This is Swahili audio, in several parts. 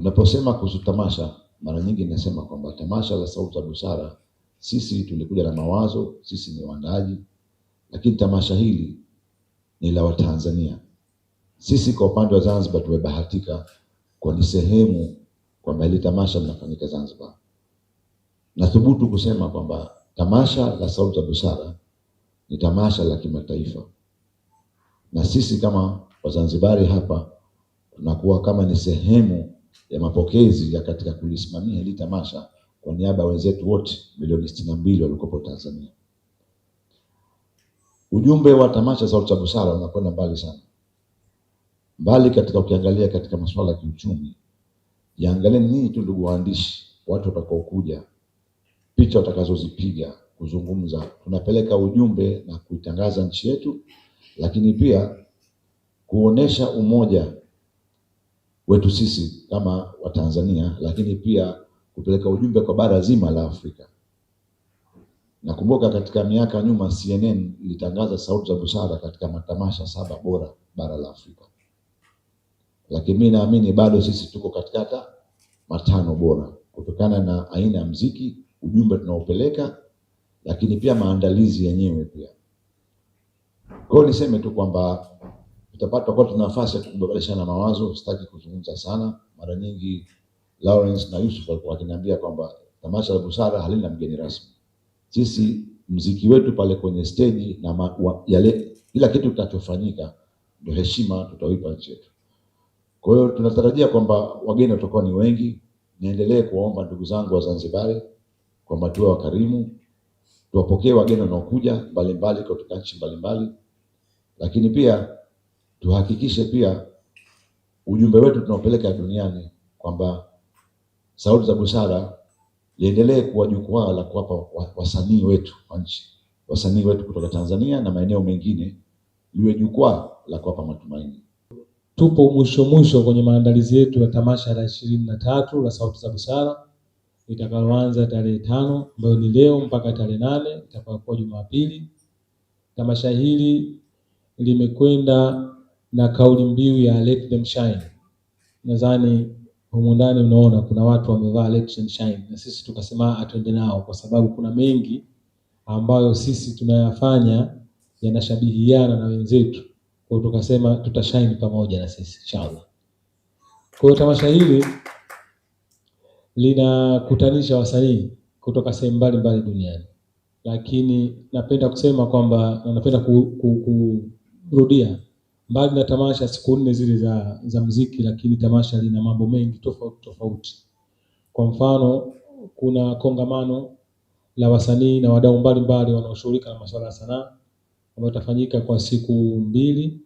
unaposema kuhusu tamasha, mara nyingi nasema kwamba tamasha la Sauti za Busara, sisi tulikuja na mawazo, sisi ni waandaaji, lakini tamasha hili ni la Watanzania. Sisi kwa upande wa Zanzibar tumebahatika kwa ni sehemu kwamba hili tamasha linafanyika Zanzibar. Nathubutu kusema kwamba tamasha la Sauti za Busara ni tamasha la kimataifa, na sisi kama Wazanzibari hapa tunakuwa kama ni sehemu ya mapokezi ya katika kulisimamia hili tamasha kwa niaba ya wenzetu wote milioni sitini na mbili Tanzania. Ujumbe wa tamasha Sauti za Busara unakwenda mbali sana, mbali katika ukiangalia katika masuala ya kiuchumi. Jiangalie nini tu, ndugu waandishi, watu watakaokuja, picha watakazozipiga, kuzungumza, tunapeleka ujumbe na kuitangaza nchi yetu, lakini pia kuonesha umoja wetu sisi kama Watanzania, lakini pia kupeleka ujumbe kwa bara zima la Afrika. Nakumbuka katika miaka nyuma CNN ilitangaza sauti za busara katika matamasha saba bora bara la Afrika, lakini mimi naamini bado sisi tuko katika hata matano bora kutokana na aina ya mziki, ujumbe tunaopeleka, lakini pia maandalizi yenyewe pia. Kwa hiyo niseme tu kwamba tutapata kwa tuna nafasi ya kubadilishana mawazo. Sitaki kuzungumza sana. Mara nyingi Lawrence na Yusuf walikuwa wakiniambia kwamba tamasha la busara halina mgeni rasmi. Sisi mziki wetu pale kwenye stage na ma, wa, yale kila kitu kitachofanyika ndio heshima tutaipa nchi yetu. Kwa hiyo tunatarajia kwamba wageni watakuwa ni wengi. Niendelee kuwaomba ndugu zangu wa Zanzibari kwamba tuwe wakarimu, tuwapokee wageni wanaokuja mbalimbali kutoka nchi mbalimbali, lakini pia tuhakikishe pia ujumbe wetu tunaopeleka duniani kwamba Sauti za Busara liendelee kuwa jukwaa la kuwapa wasanii wetu wa nchi, wasanii wetu kutoka Tanzania na maeneo mengine, liwe jukwaa la kuwapa matumaini. Tupo mwisho mwisho kwenye maandalizi yetu ya tamasha la ishirini na tatu la Sauti za Busara litakaloanza tarehe tano ambayo ni leo mpaka tarehe nane itakayokuwa Jumapili. Tamasha hili limekwenda na kauli mbiu ya let them shine. Nadhani humu ndani unaona kuna watu wamevaa let them shine, na sisi tukasema atwende ah, nao, kwa sababu kuna mengi ambayo sisi tunayafanya yanashabihiana na wenzetu, kwa hiyo tukasema tutashine pamoja na sisi inshallah. Kwa hiyo tamasha hili linakutanisha wasanii kutoka sehemu mbalimbali duniani, lakini napenda kusema kwamba napenda kurudia ku, ku, mbali na tamasha siku nne zile za, za mziki, lakini tamasha lina mambo mengi tofauti tofauti. Kwa mfano kuna kongamano la wasanii na wadau mbalimbali wanaoshughulika na masuala ya sanaa ambayo itafanyika kwa siku mbili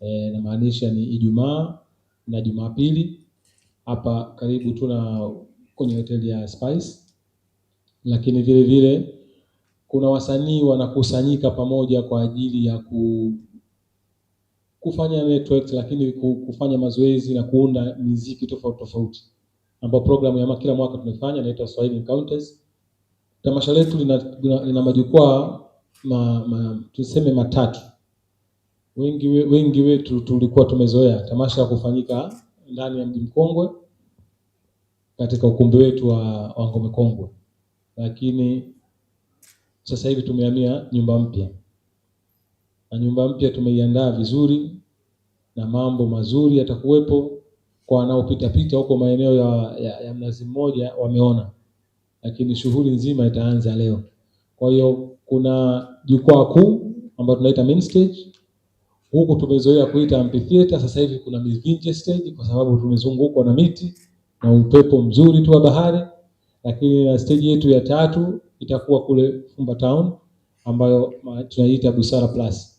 e, eh, namaanisha ni Ijumaa na Jumapili hapa karibu tuna kwenye hoteli ya Spice, lakini vile vile kuna wasanii wanakusanyika pamoja kwa ajili ya ku kufanya networks, lakini kufanya mazoezi na kuunda miziki tofauti tofauti, ambapo programu ya kila mwaka tunaifanya inaitwa Swahili Encounters. Tamasha letu lina, lina, lina majukwaa ma, ma, tuseme matatu. Wengi wengi wetu tulikuwa tumezoea tamasha ya kufanyika ndani ya mji mkongwe katika ukumbi wetu wa, wa Ngome Kongwe, lakini sasa hivi tumehamia nyumba mpya na nyumba mpya tumeiandaa vizuri na mambo mazuri yatakuwepo kwa wanaopita pita huko maeneo ya, ya, ya Mnazi Mmoja wameona, lakini shughuli nzima itaanza leo. Kwa hiyo kuna jukwaa kuu ambayo tunaita main stage, huku tumezoea kuita amphitheater. Sasa hivi kuna mivinje stage kwa sababu tumezungukwa na miti na upepo mzuri tu wa bahari, lakini na stage yetu ya tatu itakuwa kule Fumba Town ambayo tunaiita Busara Plus.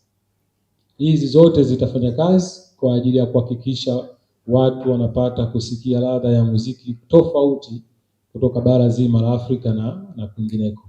Hizi zote zitafanya kazi kwa ajili ya kuhakikisha watu wanapata kusikia ladha ya muziki tofauti kutoka bara zima la Afrika na, na kwingineko.